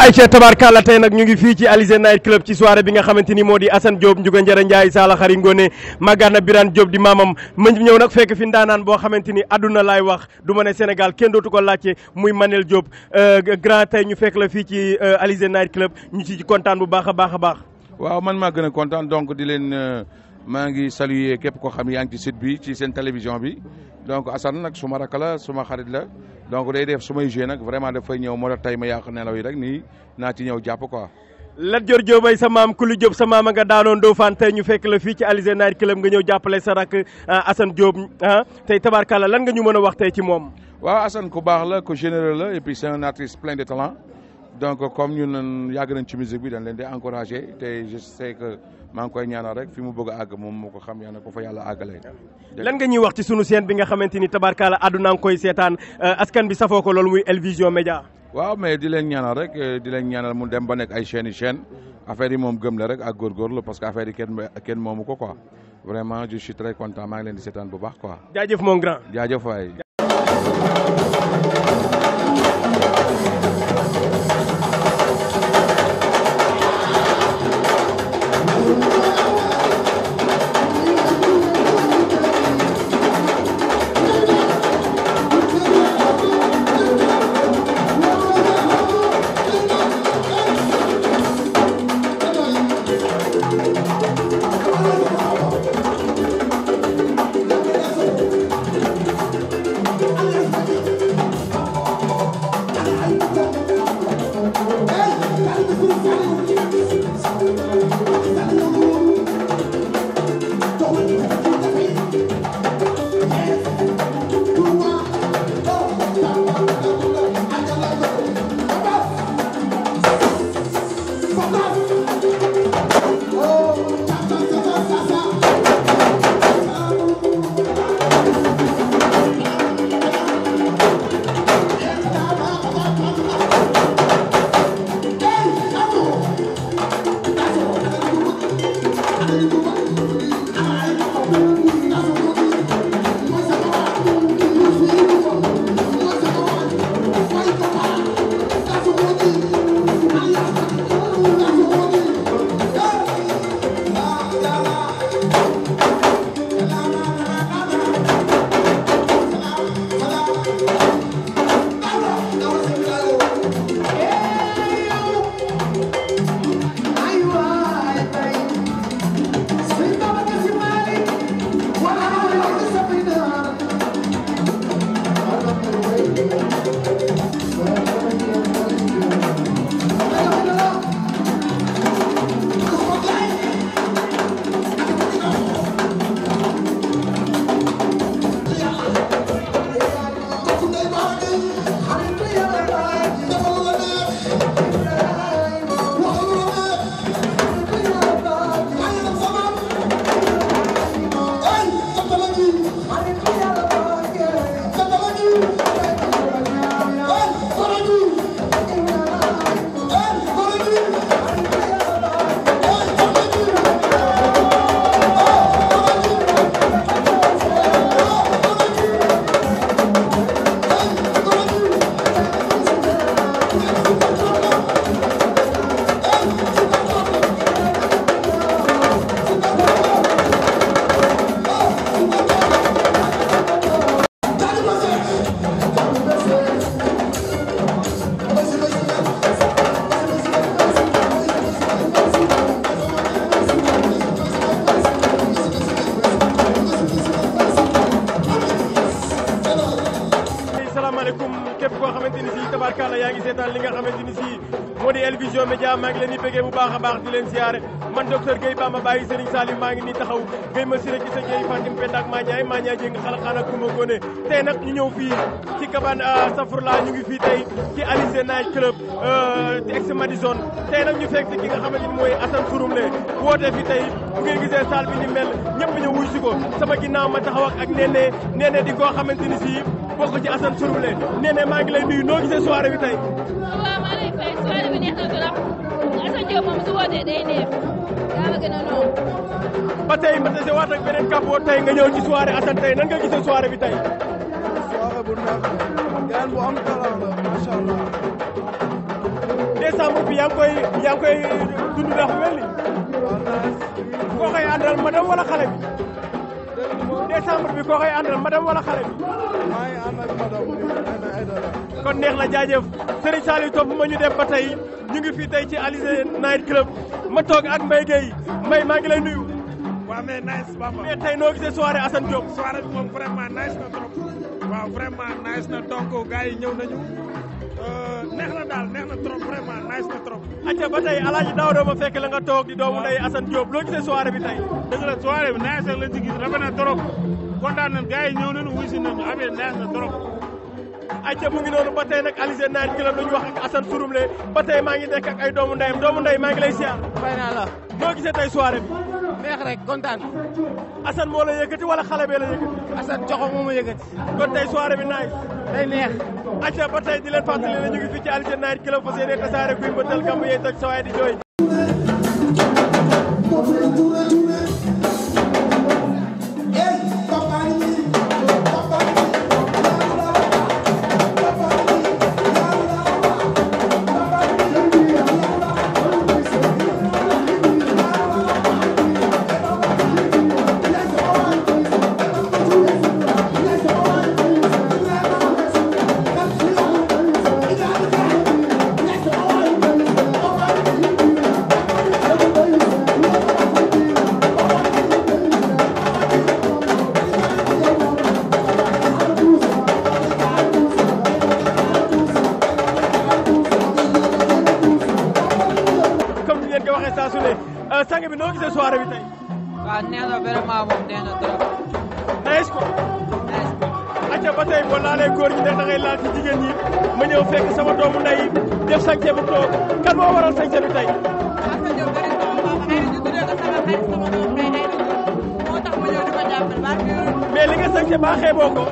ayca tabarkàlla tey nag ñu ngi fii ci Alizé Night Club ci soirée bi nga xamante ni moo di Assane Diop Ndiouga Njara Ndiaye Sala Khary Ngoné Magana Birane Diop di maamam ma ñëw nag fekk fi ndaanaan boo xamante ni àdduna laay wax du ma ne Sénégal kenn dootu ko laajte muy Manel Diop euh, grand tey ñu fekk la fii ci euh, Alizé Night Club ñu ci kontaan bu baax a baax a baax waaw man maa gën a kontaan donc di leen euh, maa ngi saluer képp koo xam yaa ngi ci site bi ci seen télévision bi donc Assane nag suma rakk la suma xarit la donc day def sumay joué nag vraiment dafay ñëw moo tax tey ma yàq nelaw yi rek nii naa ci ñëw jàpp ko Lat Dior Diobay sa maam Kulu Diop sa maam nga daanoon Ndofane tey ñu fekk la fii ci Alizé Night Club nga ñëw jàppale sa rakk ah, Assane Diop ah tey tabarkalla lan nga ñu mën a wax tey ci moom. waaw Assane ku baax la ko généreux la et puis c'est un artiste de talent. donc comme ñun yàgg nañ ci musique bi dañ leen di encouragé te je sais que mang koy ñaanal rek fi mu bëgg ag àgg moom moo xam ya na ko fa yalla agalé lan nga ñuy wax ci suñu seen bi nga xamanteni ni tabarkaala àdduna koy seetaan euh, askan bi safoo ko loolu muy elvision media waaw mais di leen ñaanal rek euh, di leen ñaanal mu dem ba nek ay chaîne chaîne affaire yi moom gëm la rek ak gor gor góorgóorlu parce que affaire yi ken kenn moomu quoi vraiment je suis très content ma ngi leen di seetaan bu baax quoi jaajëf mon grand jaajëf waay baax a baax di leen ziare man docteur Guèye Bamba Baye Serigne Salim maa ngi nii taxaw Guèye Massiré gis a Guèye Fatim Penda ak Mañaay Mañaay Jéng xalaxaan ak Kouma Gone tey nag ñu ñëw fii ci Kaban euh, Safurla ñu ngi fii tey ci Alizé Night Club euh, ex Madison tey nag ñu fekk si ki nga xamante ni mooy Assane Souroumle woote fi tey bu ngeen gisee salle bi ni mel ñëpp ñu wuy si ko sama ginnaaw ma taxaw ak ak Néné di koo xamante ni si bokk ci Assane Souroumle Néné maa ngi lay nuyu noo gisee soirée bi tey. waaw maa ngi lay fay kasancewa moom su wootee day neex daa ma gën a noonu. ba tey ma tase waat ak beneen kàpp nga ñëw ci soirée Assane tey nan nga gisee soirée bi tey. soirée bu neex gaan bi yaa ngi koy yaa ngi koy dund ndax mel ni. koo bi. décembre bi koo koy àndal kon neex na jaajëf Serigne Saliou topp ma ñu dem ba tey ñu ngi fii tey ci Alizé Night Club ma toog ak Mbaye Gueye Mbaye maa ngi la nuyu. waaw mais nice Bamba. mais tey noo gisee soirée Assane Diop. soirée bi moom vraiment nice na trop. waaw vraiment a na donc gars yi ñëw euh, na daal neex na trop vraiment nice na la nga toog di doomu ndey Assane Diop loo gisee soirée bi tey. dëgg la soirée bi nice la ci gis rafet na trop kontaan ñëw nañu wuyu si nañu affaire na trop. ayca mu ngi noonu ba tey nag Alizé Night Club la ñu wax ak Assane Souroulé ba tey maa ngi nekk ak ay doomu ndeyam doomu ndey maa ngi lay siyaar. fay naa la. noo gisee tey soirée bi. neex rek kontaan. Assane moo la yëkkati wala xale la yëkkati. Assane joxo moo a yëkkati. kon tey bi naaj. day neex. ayca ba tey di leen fàttali ñu ngi fii ci Alizé Night Club fas yéene tasaare kuy mbëttal gàmb yee toj sa waay di jooy. kan moo waral sañse bi tey. mais li nga sañse ba xeeboo ko.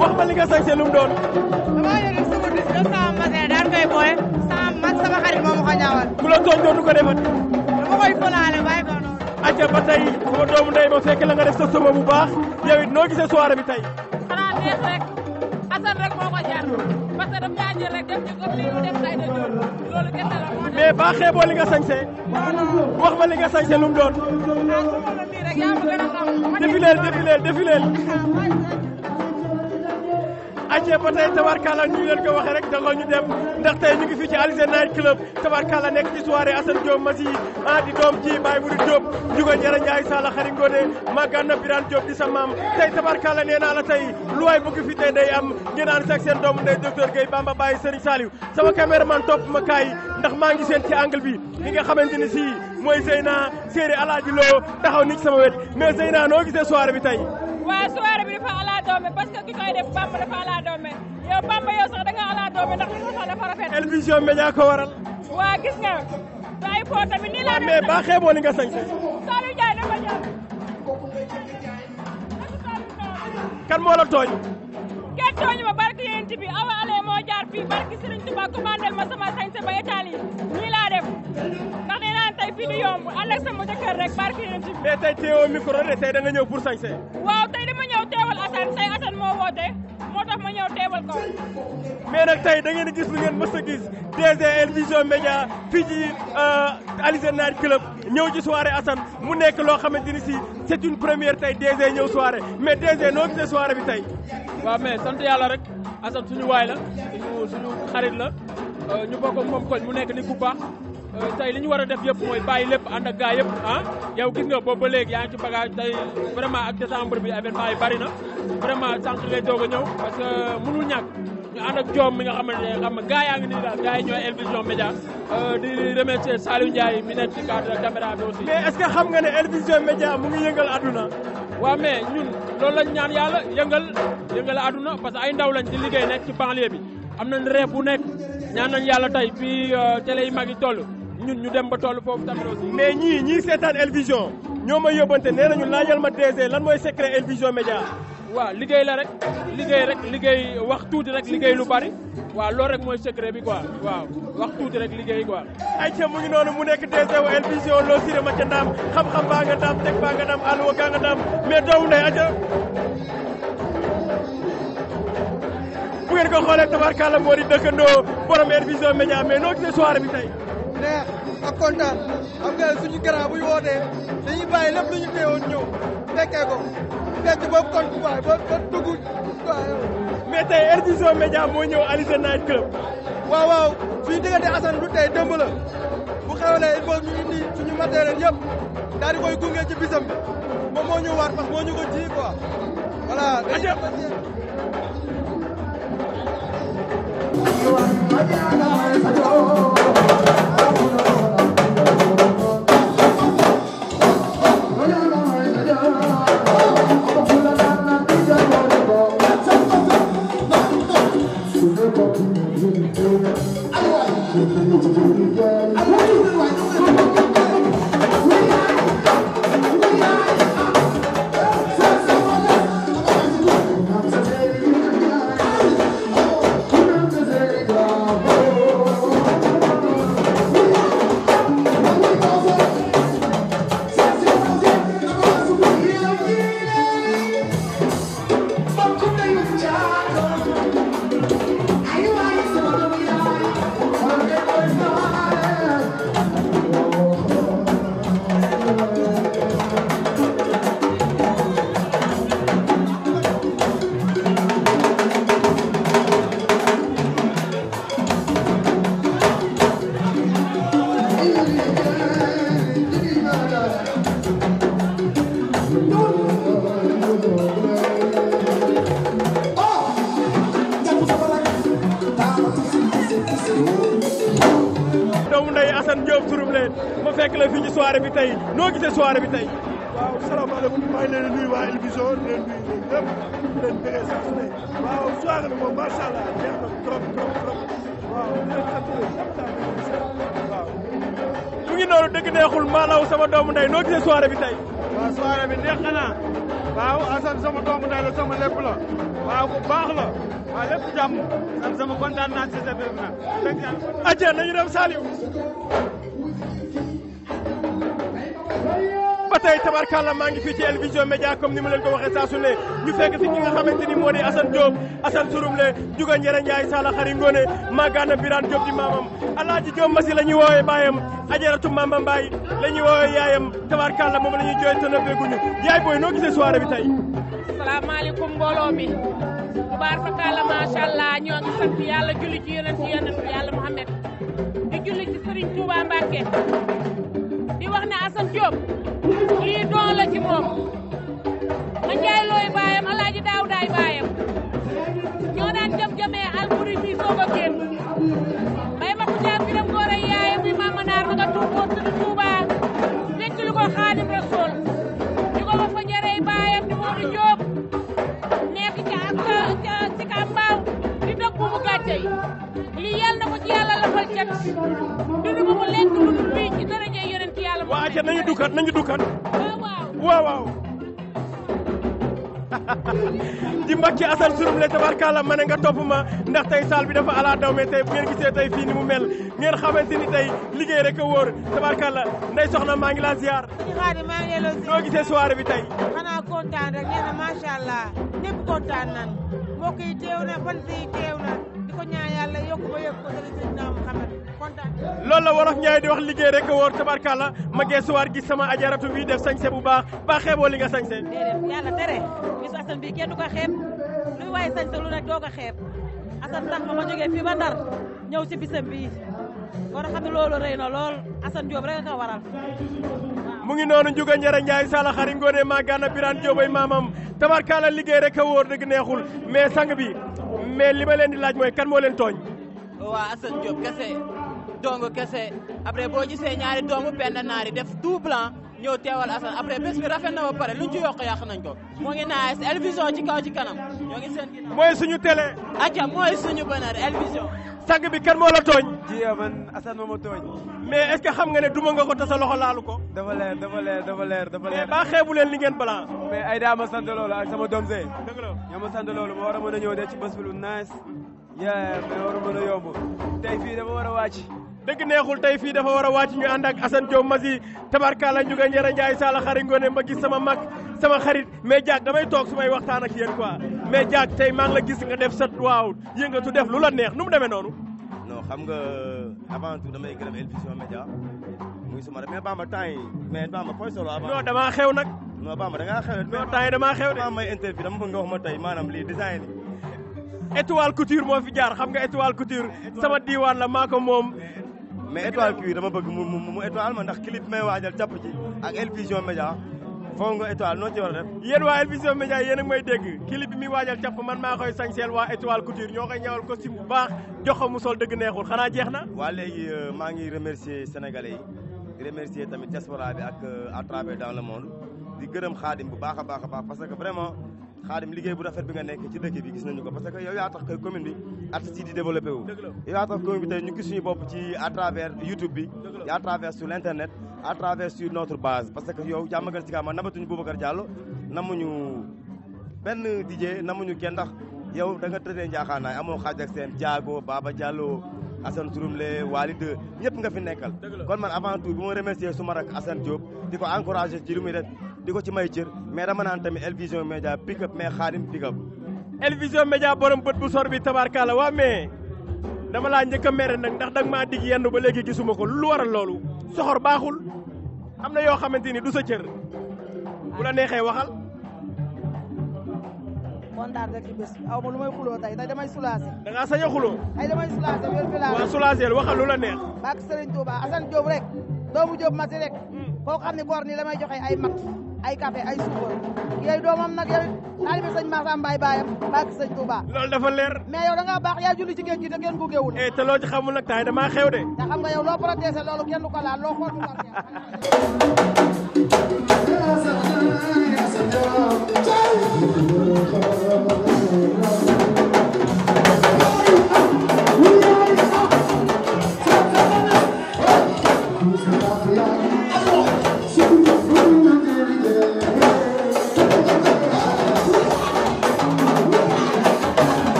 wax ma li nga sañse lu mu doon. damaa yore sugu di def sama magasin daan koy boole sama mag sama xarit moomu ko ñaawal. ku la tooñ dootu ko ko noonu. acca ba tey sama doomu ndey ma fekk la nga def sa sobo bu baax yow it noo gisee soirée bi tey. kanam yaa jël rek nga sañse wax ma li nga sañse lu doon. ah su ma a xam. Ah, acce ba tey tabarkalla ñu leen ko waxee rek dangoo ñu dem ndax tey ñu ngi fii ci Alizé Night Club tabarkalla nekk ci soirée Assane Diop Massi a ah di doom ji Baye Boury Diop Ndiouga Ndiara Ndiaye Sala Xari Ngode Magana Birane Diop di sa maam tey tabarkalla nee naa la tey lu waay fi tey day am ngeen ànd doomu ndey docteur Guèye Bamba Baye Serigne Saliou sama caméraman topp ma kaay ndax maa ngi seen ci angle bi li nga xamante ni si mooy Zeyna Séeri Alaaji taxaw ni ci sama wet mais Zeyna noo gisee soirée bi tey waaw soirée bi dafa ala doome parce que ki koy def Bamba dafa ala doome yow Bamba yow sax da doome ndax nga sax dafa rafet. El Vision ko waral. waaw gis nga. waaye foo tamit nii laa def mais baa xeeboon li nga sañ sañ. Saliou Ndiaye dafa jàpp. kan moo la tooñ. kenn tooñu ma barke fii barke Serigne Touba commandel sañse ba Italie nii laa def ndax nee naa tey fii du yomb ànd ak sama jëkkër rek barke yéen bi. mais tey teewoo micro de tey da woote moo tax ma ñëw ko mais nag tey da ngeen gis lu ngeen mës a gis DG El Vision Média fii ci euh, Alizé Night Club ñëw ci soirée Assane mu nekk loo xamante ni si c'est une première tey DG ñëw soirée mais DG noo gisee soirée bi tey waaw mais sant yàlla rek Assane suñu waay la suñu suñu xarit la euh, ñu bokk moom koñ mu nekk ni ku baax Euh, tey li ñu war a yëpp mooy bàyyi lépp ànd ak gaa yëpp ah yow gis nga boobu ba léegi yaa ngi ci bagage tey vraiment ak décembre bi événement yi bari na vraiment sànq lay doog a ñëw parce que euh, mënul ñàkk ñu ànd ak joom mi nga xamante ne xam nga gaa yaa ngi nii daal gaa yi ñooy El Vision Média euh, di remercier Saliou mi nekk ci cadre caméra bi aussi. mais est-ce xam nga ne El Vision Média mu ngi yëngal àdduna. waaw mais ñun loolu lañ ñaan yàlla yëngal yëngal àdduna parce que ay ndaw lañ di liggéey nekk ci bu nekk ñaan nañ yàlla tey fii télé ñun ñu dem ba toll foofu tamit aussi. mais ñii ñii seetaan El Vision ñoo may yóbbante nee nañu laajal ma DG lan mooy secret El Vision Média. liggéey la rek liggéey rek liggéey wax tuuti rek liggéey lu bari waa loolu rek mooy secret bi quoi waaw wax tuuti rek liggéey quoi. ayca mu ngi noonu mu nekk DG wu El Vision loo siré ma ca ndaam xam-xam baa nga teg baa nga daam wa gaa nga daam doomu ndey ayca. bu ngeen ko xoolee tabarkàlla moo di dëkkandoo neex ak kontaan xam nga suñu grand buy wootee dañuy bàyyi lépp lu ñu teewoon ñëw fekkee ko fekk ba kon waaye ba ba dugg mais tey El Vision Médias moo ñëw Alizé Night Club waaw waaw suñu bu xewlee il ñu indi suñu matériel yëpp daal di koy gunge ci bisam bi moom moo ñu waat parce que moo ñu ko ji quoi voilà dañuy doomu ndey Assane Diop ma fekk la fii soirée bi tey noo gisee soirée bi tey. waaw salaamaaleykum maa ngi leen di nuyu waa di nuyu le waaw soirée bi allah na trop trop waaw di leen daal di leen waaw. mu la. waaw lépp jàmm ak sama kontaan naa ci sa biir nag fekk yàlla ajja nañu dem maa ngi fii ci El Vision Média comme ni ma leen ko waxee saa su ne ñu fekk si ki nga xamante ni moo di Assane Diop Assane Surumle Juga Njere Njaay Sala Xari Ngone Magana Birane Diop di maamam Alaaji Masi la ñuy woowee baayam Ajaratu Mamba Mbaay la ñuy woowee yaayam tabarkàlla la ñuy jooy te nëbbeeguñu yaay booy noo gisee soirée bi tey salaamaaleykum mbooloo mi tubaar fa kaala macha allah ñoo ngi sant yàlla julli ci yonent yonent yàlla Muhammad di julli ci Serigne Touba Mbacke di wax ne Assane Diop lii doon la ci moom ma njaay looy baayam alaaji daaw daay baayam ñoo daan jëm-jëmee alburi bi soog a génn may ma ku dundu mu lekk lu dul bii ci daraja yonent yàlla waaw aca nañu dukkat nañu dukkat waaw waaw di mbàkki asan surum le tabarkalla ma ne ndax tey saal bi dafa ala daw mais bu ngeen gisee tey fii mel ngeen xamante ni tey liggéey rek a wóor tabarkalla soxna maa ngi la ziar xaadi maa ngi la gisee soirée bi tey xanaa kontaan rek nee na macha allah ñëpp kontaan nan mbokk yi teew na fan si teew na di ko ñaan yàlla loolu la wolof di wax liggéey rek wóor kala ma geesuwaar gi sama ajaratu bi def sañse bu baax ba xeeboo li nga sañse déedéet yàlla tere bisu asan bi kenn du ko xeeb luy waaye sañse lu nekk doo ko asan sax ma ma fi fii ba Ndar ñëw si bisam bi war a xam ne loolu lol asan Diop rek nga ko waral mu ngi noonu Ndiouga Ndiara Ndiaye Sala Xari Ngoone maa gànna Birane Diop ay maamam tabarkàlla rek a wóor neexul mais sang bi mais li ma leen di laaj mooy kan mo leen tooñ. waaw Assane Diop kese dong kese après boo gisee ñaari doomu Penda Naar yi def tout blanc ñëw teewal Assane après bés bi rafet na ba pare luñ ci yokk yàq nañ ko moo ngi naaj El Vision ci kaw ci kanam ñoo ngi seen ginnaaw. mooy suñu télé. acca mooy suñu bonheur El Vision. sang bi kan moo la tooñ. ji ah, man Assane moo ma tooñ. mais est ce que xam nga ne duma nga ko te sa loxo laalu ko. dafa leer dafa leer dafa leer dafa leer. mais baa xeebu leen li ngeen balaa. mais ay daa ma sant loolu ak sama doom see. dëgg la ñoo ma sant loolu ma war a mën a ñëw de ci bés bi lu nice. yaa mais war a mën a yomb tey fii dama war a wàcc deug neexul tay fi dafa wara a wàcc ñu ànd ak Assane Diop Massi ñu Ndiouga Ndiara Ndiaye Sala xari ngone ma gis sama mak sama xarit mais jaak damay tok sumay waxtaan ak yeen quoi mais jaak tay ma nga gis nga def sa waaw yëngatu def lula neex num deme nonu non xam nga avant tout damay gërëm El Vision muy suma mais ba ma tay mais ba ma fooy solo avant. non dama xew nak non ba ma da nga xew mais tay dama xew de. may interview dama bëgg nga wax ma tay manam li design étoile couture mo fi jaar xam nga étoile couture sama diwan la mako mom mais étoile cuir dama bëgg mu mu mu étoile ma ndax clip may waajal jàpp ci ak El Vision Média foog nga étoile noo ci war a def. waa El Vision Média yéen a may dégg clip bi muy waajal jàpp man maa koy sañseel waa étoile couture ñoo koy ñawal costume bu baax jox ko mu sol dëgg neexul xanaa jeex na. waa léegi euh, maa ngi remercier sénégalais yi remercier tamit diaspora ak euh, à travers dans le monde di gërëm xaadim bu baax a baax a baax parce que vraiment. xaadim liggey bu rafet bi nga nek ci dëkk bi gis nañu ko parce que yow ya tax que commune bi artiste yi di développer wu ya tax commune bi tay ñu gis ñu bop ci à travers youtube bi à travers sur internet à travers sur notre base parce que yow ci gam kaama nabatuñu Boubacar Diallo namuñu ben DJ namuñu kenn ndax yow da nga traité njaaxaanaay amo xaaj ak sen Diago Baba Diallo turum le Walid ñep nga fi nekkal kon man avant tout bu mo remercier suma rak Assane Diop diko encourager ci lu muy def di ko ci may cër mais dama naan tamit El Vision Média pick up mais xaadim pick up. El Vision bët bu sor bi tabarkaala waa mais dama laa njëkk a mere nag ndax danga maa dig yenn ba léegi gisuma ko lu waral loolu soxor baaxul am na yoo xamante ni du sa cër bu la neexee waxal. kontaan rek ci bés aw ma lu may xuloo tey tey damay soulager. da ngaa sañ a xuloo. tey damay soulager wér bi waxal lu la neex. bak Serigne Touba Assane Diop rek rek. Hmm. koo xam ne koor ay café ay suukar yooyu doomam nag yow taalibe sëñ Massa Mbaye baayam bàkk sëñ Touba loolu dafa leer mais yow da ngaa baax yaa julli ci géej gi te kenn ku géewul eh, te loo ci xamul nag taay damaa de te xam nga yow loo protégé loolu kenn du ko laal loo xool du ko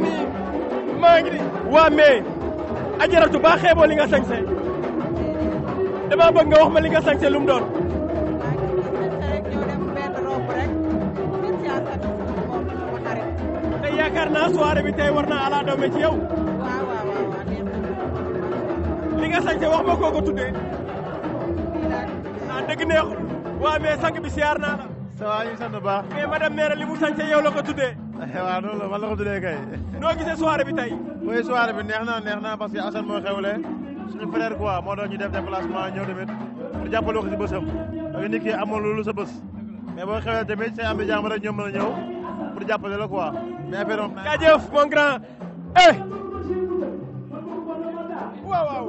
ngi nii maa ngi nii waa mais ajaratu baa xeeboo li nga sañse dama bëgg nga wax ma li nga sañse lu mu doon yaakaar naa soirée bi tey war naa ala ci yow li nga wax ma koo ko tuddee ah dëgg neexul waa mais sang bi siyaar naa la ça va ñu ngi sant bu baax. mais li mu sant yow la ko tuddee. Eh, waaw loolu la man la ko kay. noo gisee soirée bi tey. oui soirée bi neex naa neex na parce que Assane mooy xewle suñu frère quoi moo doon ñu def déplacement ñëw tamit pour jàppale ko si bësam. parce que nit ki amul loolu sa bës. mais boo xewlee tamit say am na jàmm rek ñoom mën a ñëw pour jàppale la quoi. mais affaire am na. jaajëf mon grand. eh. waaw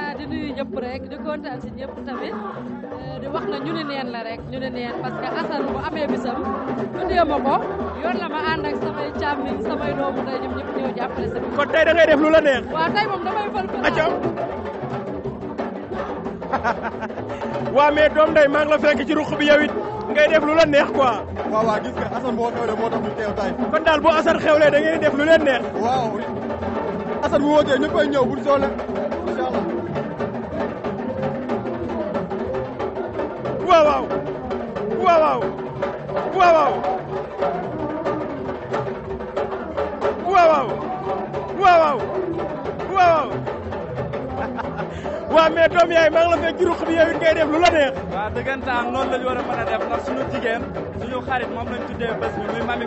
ni ñëpp rek di kontaan si ñëpp tamit eh, di wax na ñu ni neen la rek ñu ni neen parce que asan bu amee bisam tuddee ma ko yoon la ma ànd ak samay càmmiñ samay doomu ndey ñoom ñëpp ñëw jàppale sa kon tey da ngay def lu la neex waaw tey moom damay fal fal acca waa mais doom ndey maa ngi la fekk ci ruq bi yow it ngay def lu la neex quoi waaw waaw gis nga asan boo xewlee moo tax ñu teew tey kon daal bu asan xewlee da ngeen def lu leen neex waaw asan bu wootee ñëppay ñëw bu soxla Mereka doom yaay maa ngi la fekk ci ruq bi yow ngay def lu la neex waaw dëggantaan noonu la ñu war a mën a def ndax suñu jigéen suñu xarit moom lañ tuddee bés bi muy mami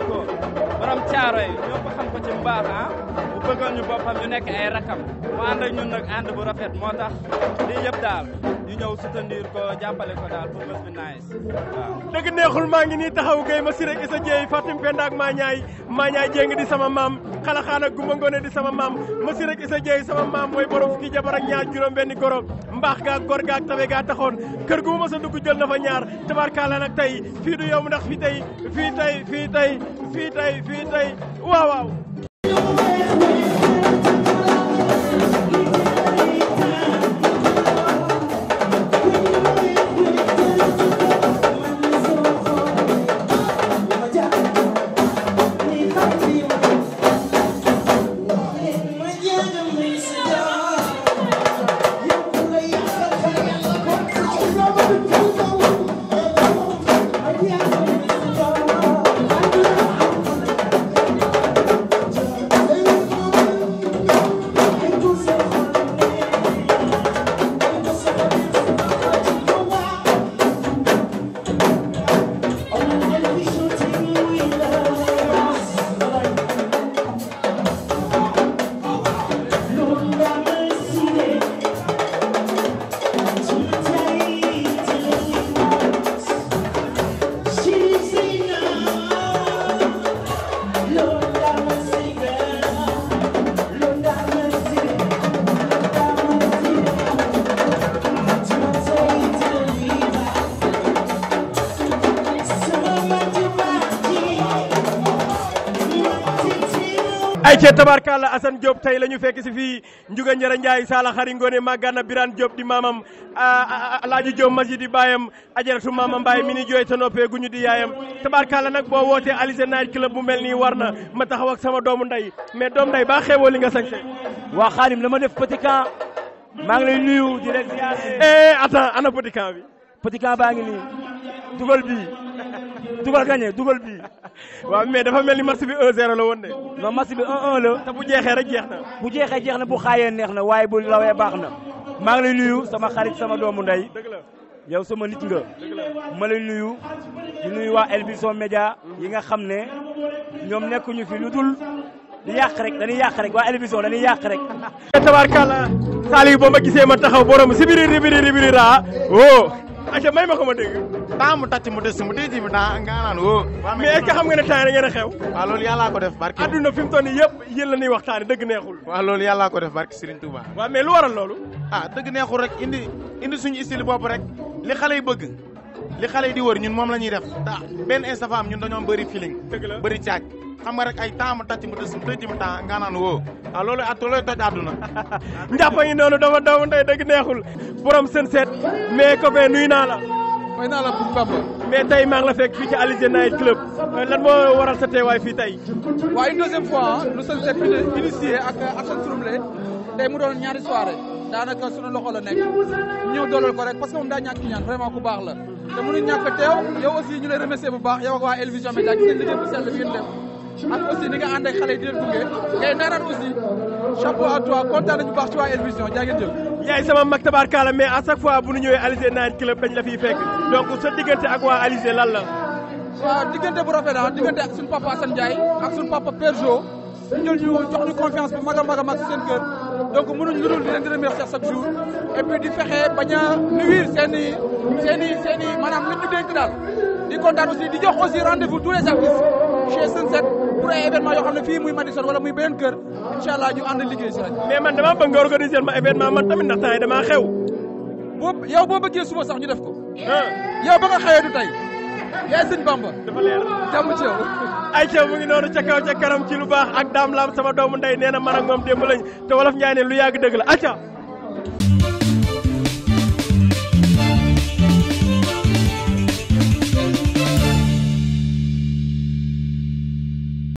borom caaro yi ñoo ko xam ko ci mbaax ah bu bëggal ñu boppam ñu nekk ay rakam mu ànd ak ñun nag ànd bu rafet moo tax lii yëpp daal ñu ñëw ko jàppale ko daal pour bés bi nice waaw dëgg neexul maa ngi nii taxaw gay ma si rek isa fatim pendaak maa ñaay maa ñaay jéng di sama maam xalaxaana gumba ngone di sama maam masi rek isa jeey sama maam mooy borom fukki jabar ak ñaar juróom benn goro mbaax gaa gor gaa tabe gaa taxoon kër gu ma sa dugg jël na fa ñaar tabarkaala nag tey fii du yomb ndax fii tey fii tey fii tey fii tey fii tey waaw waaw ayca tabarkàlla Assane Diop tey la ñu fekk si fii Ndiouga Njara Ndiaye Sala Xari Ngone Magana Birane Diop di maamam Alaaji Diop Masjid di baayam ajaratu maamam Mbaye mi ni jooy te noppee guñu di yaayam tabarkàlla nag boo wootee Alizé Night Club bu mel nii war na ma taxaw ak sama doomu nday mais doom nday baa xeeboo li nga sañse waa Xaadim la ma def petit camp maa ngi lay nuyu di rek ziar a eh, eh, attends ana petit camp bi petit camp baa ngi nii dugal bii dugal gagné dugal bi wa mais dafa melni match bi 1-0 la won dé non match bi 1-1 la te bu jéxé rek jéxna bu jéxé jéxna bu xayé neex waye bu lawé baxna ma ngi lay nuyu sama xarit sama doomu ndey yow sama nit nga ma lay nuyu di nuyu wa El media yi nga xamné ñom ñoom nekkuñu fi lu dul di yàq rek dañuy yàq rek wa El dañuy yàq rek tabarakallah salih bo ma gisé ma taxaw borom sibiri ribiri ribiri raa woo oh, aca may ma ko ma dégg temps mu tàcc mu des mu des ji bi daa nga naan oh. woo. mais est-ce xam nga ne temps da ngeen a xew. waaw loolu yàllaa ko def barke. adduna fi mu toll nii yëpp yéen la ñuy waxtaanee dëgg neexul. waaw loolu yàllaa ko def barke Serigne Touba. waaw lu waral loolu. ah dëgg neexul rek indi indi suñu style rek li xale bëgg li xale di wër ñun moom la ñuy def. benn instant ñun dañoo bëri feeling. bëri caag. xam nga rek ay temps mu mu des mu des ji mu temps woo. waaw loolu at looy toj àdduna. mooy naa la pour Bamba. mais tey maa ngi la fekk fii ci Alizé Night Club euh, lan moo waral sa teewaay fii tey. waaw une deuxième fois ah, nous sommes initiés ak euh, Assane Souroulé tey mu doon ñaari soirée daanaka suñu loxo la nekk ñëw doolal ko rek parce que moom daa ñàkk ñaan vraiment ku baax la te mënuñ ñàkk teew yow aussi ñu lay remercier bu baax yow ak waa El Vision Médias gis ngeen liggéey bi ngeen def. ak aussi ni nga ànd ak xale yi di leen gunge ngay naanaan aussi chapeau à toi kontaan nañu baax ci waa El Vision jaa ngeen jëf. yaay sama mag tabaarkaala mais à chaque fois bu ñu ñëwee Alizé Night Club dañ la fiy fekk donc sa diggante ak waa Alizé lan la. waaw diggante bu rafet ah diggante ak suñu papa Assane Ndiaye ak suñu papa Perjo jël ñu jox ñu confiance bu mag a mag a mag seen kër donc mënuñ lu dul di leen di remercier chaque jour et puis di fexe bañ a nuire seen i seen i seen i maanaam lu ñu dénk daal di kontaan aussi di jox aussi rendez vous tous les artistes chez Sunset. pour ay événement yoo xam ne fii muy Madison wala muy beneen kër incha allah ñu liggéey si rek. mais man damaa bëgg nga organiser ma man tamit ndax temps yi damaa xew. boo yow boo bëggee suba sax ñu def ko. Ah. yow ba nga xëyee du tey yaay sëñ Bamba. dafa leer jàmm ci yow. Aïcha mu ngi noonu ca kaw ca ci lu baax ak daam laam sama doomu ndey nee na man ak moom démb lañ te wolof Njaay ne lu yàgg dëgg la Aïcha.